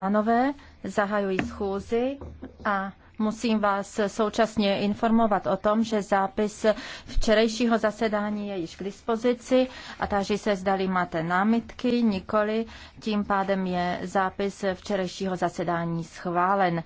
Pánové, zahajuji schůzi a musím vás současně informovat o tom, že zápis včerejšího zasedání je již k dispozici a táži se, zdali máte námitky, nikoli, tím pádem je zápis včerejšího zasedání schválen.